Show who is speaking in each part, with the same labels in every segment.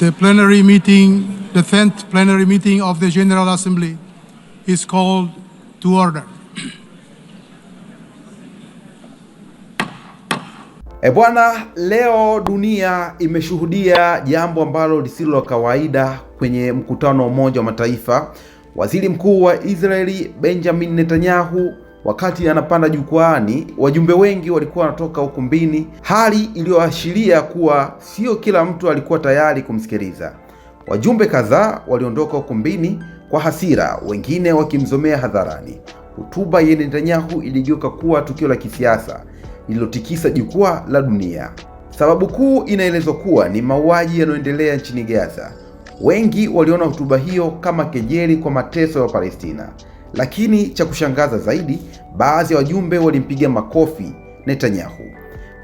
Speaker 1: The plenary meeting, the 10th plenary meeting of the General Assembly is called to order.
Speaker 2: Ebwana, leo dunia imeshuhudia jambo ambalo lisilo la kawaida kwenye mkutano wa Umoja wa Mataifa. Waziri Mkuu wa Israeli Benjamin Netanyahu Wakati anapanda jukwaani, wajumbe wengi walikuwa wanatoka ukumbini, hali iliyoashiria kuwa sio kila mtu alikuwa tayari kumsikiliza. Wajumbe kadhaa waliondoka ukumbini kwa hasira, wengine wakimzomea hadharani. Hotuba ya Netanyahu iligeuka kuwa tukio la kisiasa lililotikisa jukwaa la dunia. Sababu kuu inaelezwa kuwa ni mauaji yanayoendelea nchini Gaza. Wengi waliona hotuba hiyo kama kejeli kwa mateso ya Palestina. Lakini cha kushangaza zaidi, baadhi ya wajumbe walimpiga makofi Netanyahu.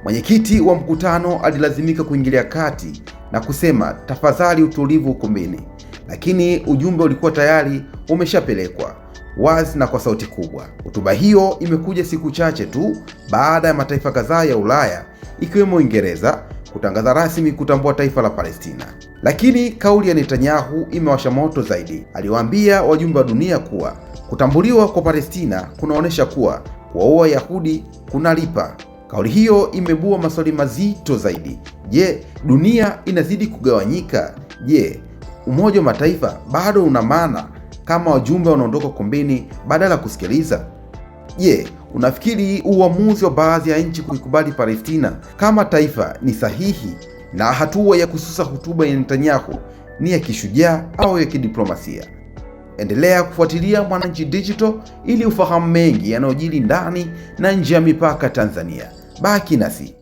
Speaker 2: Mwenyekiti wa mkutano alilazimika kuingilia kati na kusema, tafadhali utulivu ukumbini. Lakini ujumbe ulikuwa tayari umeshapelekwa wazi na kwa sauti kubwa. Hotuba hiyo imekuja siku chache tu baada ya mataifa kadhaa ya Ulaya ikiwemo Uingereza kutangaza rasmi kutambua taifa la Palestina. Lakini kauli ya Netanyahu imewasha moto zaidi. Aliwaambia wajumbe wa dunia kuwa kutambuliwa kwa Palestina kunaonyesha kuwa kuwaua Yahudi kunalipa. Kauli hiyo imebua maswali mazito zaidi. Je, dunia inazidi kugawanyika? Je, Umoja wa Mataifa bado una maana kama wajumbe wanaondoka kombini badala ya kusikiliza? Je, unafikiri uamuzi wa baadhi ya nchi kuikubali Palestina kama taifa ni sahihi na hatua ya kususa hotuba ya Netanyahu ni ya kishujaa au ya kidiplomasia? Endelea kufuatilia Mwananchi Digital ili ufahamu mengi yanayojiri ndani na nje ya mipaka Tanzania. Baki nasi.